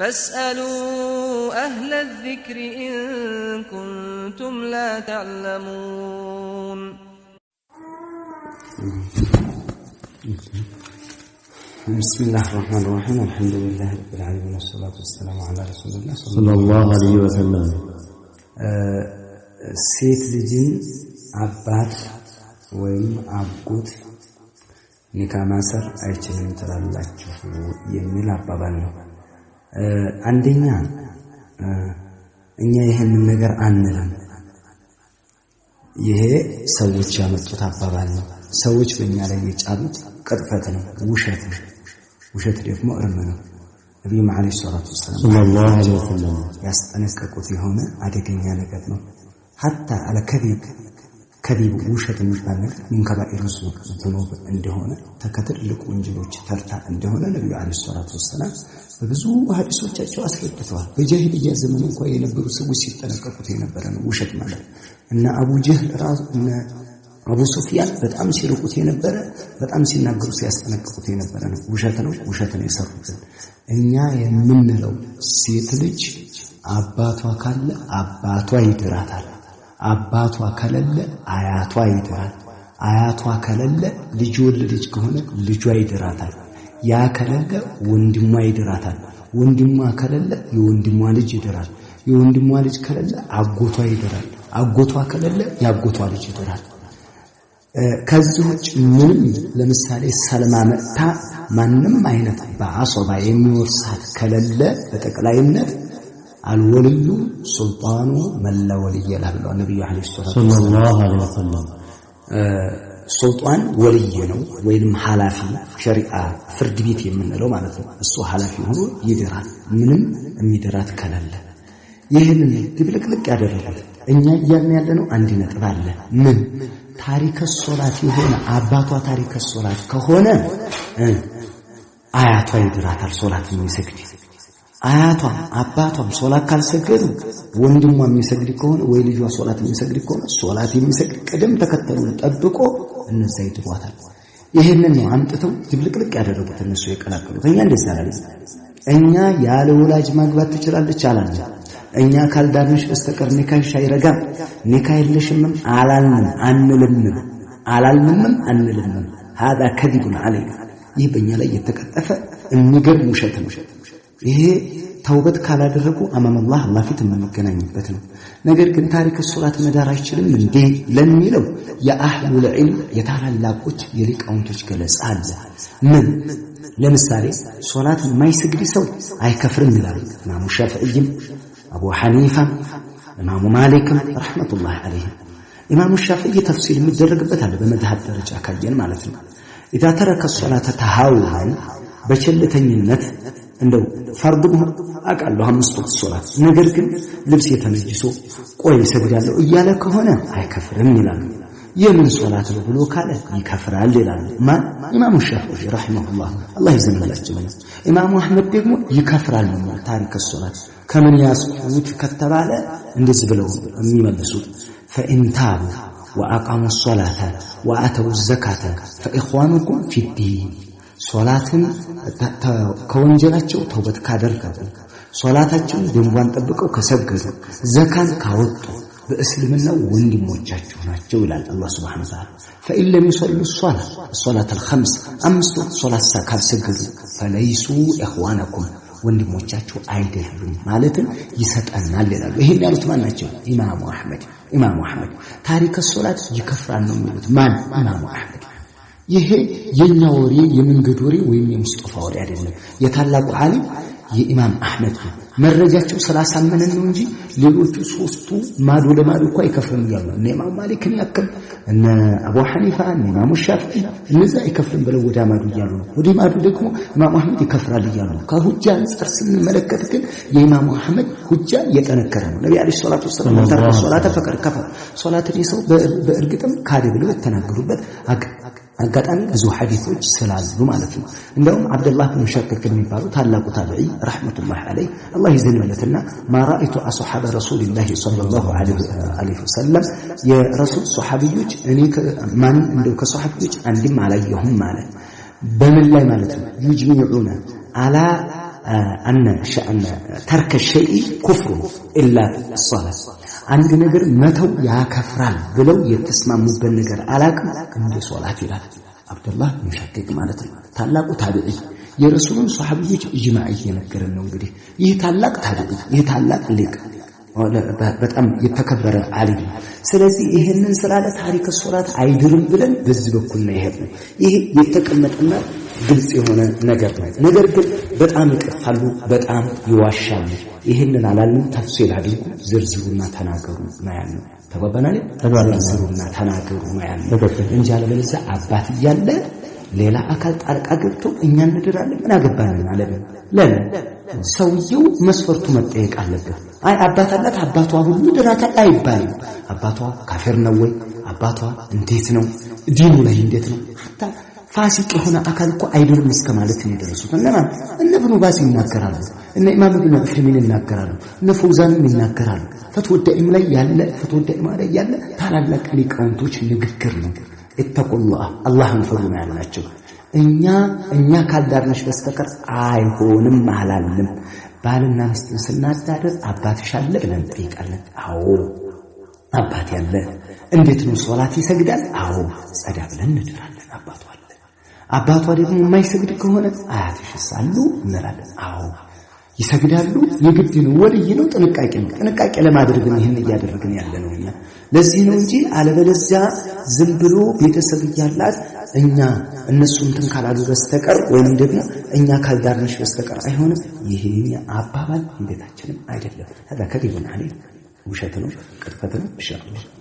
فاسألوا أهل الذكر إن كنتم لا تعلمون بسم الله الرحمن الرحيم الحمد لله رب العالمين والصلاة والسلام على رسول الله صلى الله عليه وسلم ሴት ልጅን آه، አባት ወይም አጎት ኒካ ማሰር አይችልም ትላላችሁ የሚል አባባል ነው አንደኛ እኛ ይህንን ነገር አንልም። ይሄ ሰዎች ያመጡት አባባል ነው። ሰዎች በእኛ ላይ የጫሉት ቅጥፈት ነው፣ ውሸት ነው። ውሸት ደግሞ እርም ነው። ነቢዩም ዓለይሂ ሰላቱ ወሰላም ያስጠነቀቁት የሆነ አደገኛ ነገር ነው። ሐታ አለከቢብ ከዲቡ ውሸት የሚባል ነገር ሚንከባኢር ዙኑብ እንደሆነ ከትልልቅ ወንጀሎች ተርታ እንደሆነ ነቢዩ አለ ሰላቱ ወሰላም በብዙ ሀዲሶቻቸው አስረድተዋል። በጃሂልያ ዘመን እንኳ የነበሩ ሰዎች ሲጠነቀቁት የነበረ ነው ውሸት ማለት እና አቡ ጀህል ራሱ አቡ ሱፊያን በጣም ሲርቁት የነበረ በጣም ሲናገሩ ሲያስጠነቅቁት የነበረ ነው። ውሸት ነው፣ ውሸት ነው የሰሩትን። እኛ የምንለው ሴት ልጅ አባቷ ካለ አባቷ ይድራታል። አባቷ ከሌለ አያቷ ይድራል። አያቷ ከሌለ ልጅ ወለደች ከሆነ ልጇ ይድራታል። ያ ከሌለ ወንድሟ ይድራታል። ወንድሟ ከሌለ የወንድሟ ልጅ ይድራል። የወንድሟ ልጅ ከሌለ አጎቷ ይድራል። አጎቷ ከሌለ የአጎቷ ልጅ ይድራል። ከዚህ ውጭ ምንም ለምሳሌ ሰልማ መጥታ ማንም አይነት በአሶባ የሚወርሳት ከሌለ በጠቅላይነት አልወልዩ ሱልጣኑ መላ ወልይ ላለ ነቢዩ ለ ሰላም ሱልጣን ወልይ ነው ወይም ኃላፊ ሸሪዓ ፍርድ ቤት የምንለው ማለት ነው። እሱ ኃላፊ ሆኖ ይድራል። ምንም የሚድራት ከሌለ ይህንን ድብልቅልቅ ያደረጉት እኛ እያልን ያለ ነው። አንድ ነጥብ አለ። ምን ታሪከ ሶላት የሆነ አባቷ ታሪከ ሶላት ከሆነ አያቷ ይድራታል ሶላት የሚሰግድ አያቷም አባቷም ሶላት ካልሰገዱ ወንድሟ የሚሰግድ ከሆነ ወይ ልጇ ሶላት የሚሰግድ ከሆነ ሶላት የሚሰግድ ቅደም ተከተሉን ጠብቆ እነዛ ይጥቧታል። ይህንን ነው አምጥተው ድብልቅልቅ ያደረጉት እነሱ የቀላቀሉት። እኛ እንደዛ እኛ ያለ ወላጅ ማግባት ትችላለች አላልንም። እኛ ካልዳንሽ በስተቀር ኒካሽ አይረጋም፣ ኒካ የለሽምም አላልንም፣ አንልምም፣ አላልንምም፣ አንልምም። ሀዳ ከዚቡን አለይ ይህ በእኛ ላይ የተቀጠፈ የሚገርም ውሸት ነው። ይሄ ተውበት ካላደረጉ አማመላህ አላህ ፊት የምንገናኝበት ነው። ነገር ግን ታሪክ ሶላት መዳር አይችልም እንዴ ለሚለው የአህሉል ዒልም የታላላቆች የሊቃውንቶች ገለጻ አለ። ምን ለምሳሌ ሶላት የማይስግድ ሰው አይከፍርም ይላሉ ኢማሙ ሻፍዕይም፣ አቡ ሐኒፋም፣ ኢማሙ ማሊክም ረሕመቱላህ ዐለይሂም። ኢማሙ ሻፍዕይ ተፍሲል የሚደረግበት አለ በመድሃብ ደረጃ ካየን ማለት ነው ኢዛ ተረከ ሶላተ ተሃውላን በቸልተኝነት እንደው ፈርድ አውቃለሁ አምስት ወቅት ሶላት፣ ነገር ግን ልብስ የተመጅሶ ቆይ ሰግዳለሁ እያለ ከሆነ አይከፍርም ይላሉ። የምን ሶላት ነው ብሎ ካለ ይከፍራል ይላሉ። ማን ኢማሙ ሻፊዒ ረሂመሁላህ አላህ ይዘመላቸው ኢማሙ አህመድ ደግሞ ይከፍራል ነው ታሪክ ሶላት ከምን ያስቁት ከተባለ እንደዚህ ብለው የሚመልሱት ፈኢን ወአቃሙ ሶላተ ወአተው ዘካተ ፈኢኽዋኑኩም ፊዲን ሶላትን ከወንጀላቸው ተውበት ካደረጉ ሶላታቸውን ደንቧን ጠብቀው ከሰገዱ ዘካን ካወጡ በእስልምናው ወንድሞቻቸው ናቸው ይላል አላህ ሱብሓነሁ ወተዓላ። ፈኢን ለም ይሰሉ ሶላት ሶላት አልኸምስ አምስት ወቅት ሶላት ካልሰገዱ ፈለይሱ ኢኽዋነኩም ወንድሞቻችሁ አይደሉም ማለትን ይሰጠናል ይላሉ። ይሄን ያሉት ማን ናቸው? ኢማሙ አሕመድ። ኢማሙ አሕመድ ታሪክ ሶላት ይከፍራል ነው የሚሉት ማን? ኢማሙ አሕመድ ይሄ የኛ ወሬ የመንገድ ወሬ ወይም የሙስጠፋ ወሬ አይደለም። የታላቁ ዓሊም የኢማም አህመድ ነው። መረጃቸው ስላሳመነን ነው እንጂ ሌሎቹ ሶስቱ ማዶ ለማዶ እኮ አይከፍልም እያሉ እነ ኢማም ማሊክ ያክል እነ አቡ ሐኒፋ እነ ኢማሙ ሻፊዒ እነዛ አይከፍልም ብለው ወደ ማዶ እያሉ ነው። ወደ ማዶ ደግሞ ኢማም አህመድ ይከፍራል እያሉ ነው። ከሁጃ አንጻር ስንመለከት ግን የኢማሙ አህመድ ሁጃ የጠነከረ ነው። ነቢ አለይሂ ሰላቱ ወሰለም ተርከ ሶላተ ፈቀድ ከፈር ሶላትን የሰው በእርግጥም ካደ ብለው የተናገሩበት አቅ አጋጣሚ ብዙ ሐዲሶች ስላሉ ማለት ነው። እንደውም አብደላህ ብን ሸቅቅ የሚባሉ ታላቁ ታቢዒ ረሕመቱላህ ዓለይህ አላህ ይዘንበለትና ማራኢቱ አሶሓበ ረሱልላህ ሰለላሁ ዓለይሂ ወሰለም የረሱል ሶሓቢዮች እኔ ማንም እንደው ከሶሓቢዮች አንድም አላየሁም ማለት በምን ላይ ማለት ነው ዩጅሚዑነ አላ አነ ተርከ ሸይኢ ኩፍሩ ኢላ ሰላት አንድ ነገር መተው ያከፍራል ብለው የተስማሙበት ነገር አላቅም እንደ ሶላት ይላል። አብደላህ ብን ማለት ነው። ታላቁ ታቢዒ የረሱሉን ሰሐቢዎች ኢጅማዕ እየነገረን ነው። እንግዲህ ይህ ታላቅ ታቢዒ ይህ ታላቅ ሊቅ በጣም የተከበረ ዓሊም። ስለዚህ ይህንን ስላለ ታሪክ ሶላት አይድርም ብለን በዚህ በኩል ነው ይሄ ይህ የተቀመጠና ግልጽ የሆነ ነገር ነው። ነገር ግን በጣም ይቀፋሉ፣ በጣም ይዋሻሉ። ይህንን አላልንም። ተፍሲል አድርጉ፣ ዝርዝሩና ተናገሩ ነው ያልነው። ተጓባናል። ዝርዝሩና ተናገሩ ነው ያልነው እንጂ አለበለዚያ አባት እያለ ሌላ አካል ጣልቃ ገብቶ እኛ እንድራለን ምን አገባን ማለት ነው። ለምን ሰውየው መስፈርቱ መጠየቅ አለበት። አይ አባት አላት አባቷ ሁሉ ድራታል አይባልም። አባቷ ካፌር ነው ወይ አባቷ እንዴት ነው ዲኑ ላይ እንዴት ነው ፋሲቅ የሆነ አካል እኮ አይድንም እስከ ማለት ነው የደረሱት። እና እነ ብኑ ባዝ ይናገራሉ፣ እነ ኢማም ኢብኑ ዑሰይሚን ይናገራሉ፣ እነ ፈውዛንም ይናገራሉ። ፈትወ ዳኢም ላይ ያለ ፈትወ ዳኢም ላይ ያለ ታላላቅ ሊቃውንቶች ንግግር ነው። ኢተቁላህ አላህን ፈሩ ነው ያላቸው። እኛ እኛ ካልዳርነሽ በስተቀር አይሆንም አላልንም። ባልና ሚስትን ስናዳርር አባትሽ አለ ብለን እንጠይቃለን። አዎ አባት ያለ። እንዴት ነው ሶላት ይሰግዳል? አዎ ጸዳ ብለን እንድራለን አባቷ አባቷ ደግሞ የማይሰግድ ከሆነ አያትሽስ አሉ እንላለን። አዎ ይሰግዳሉ። የግድ ነው፣ ወልይ ነው፣ ጥንቃቄ ነው። ጥንቃቄ ለማድረግ ይህን እያደረግን ያለ ነው እኛ። ለዚህ ነው እንጂ አለበለዚያ ዝም ብሎ ቤተሰብ እያላት እኛ እነሱ እንትን ካላሉ በስተቀር ወይንም ደግሞ እኛ ካልዳርነሽ በስተቀር አይሆንም። ይሄ አባባል እንዴታችንም አይደለም። ታዲያ ከዲቡን አለ ውሸት ነው፣ ቅጥፈት ነው።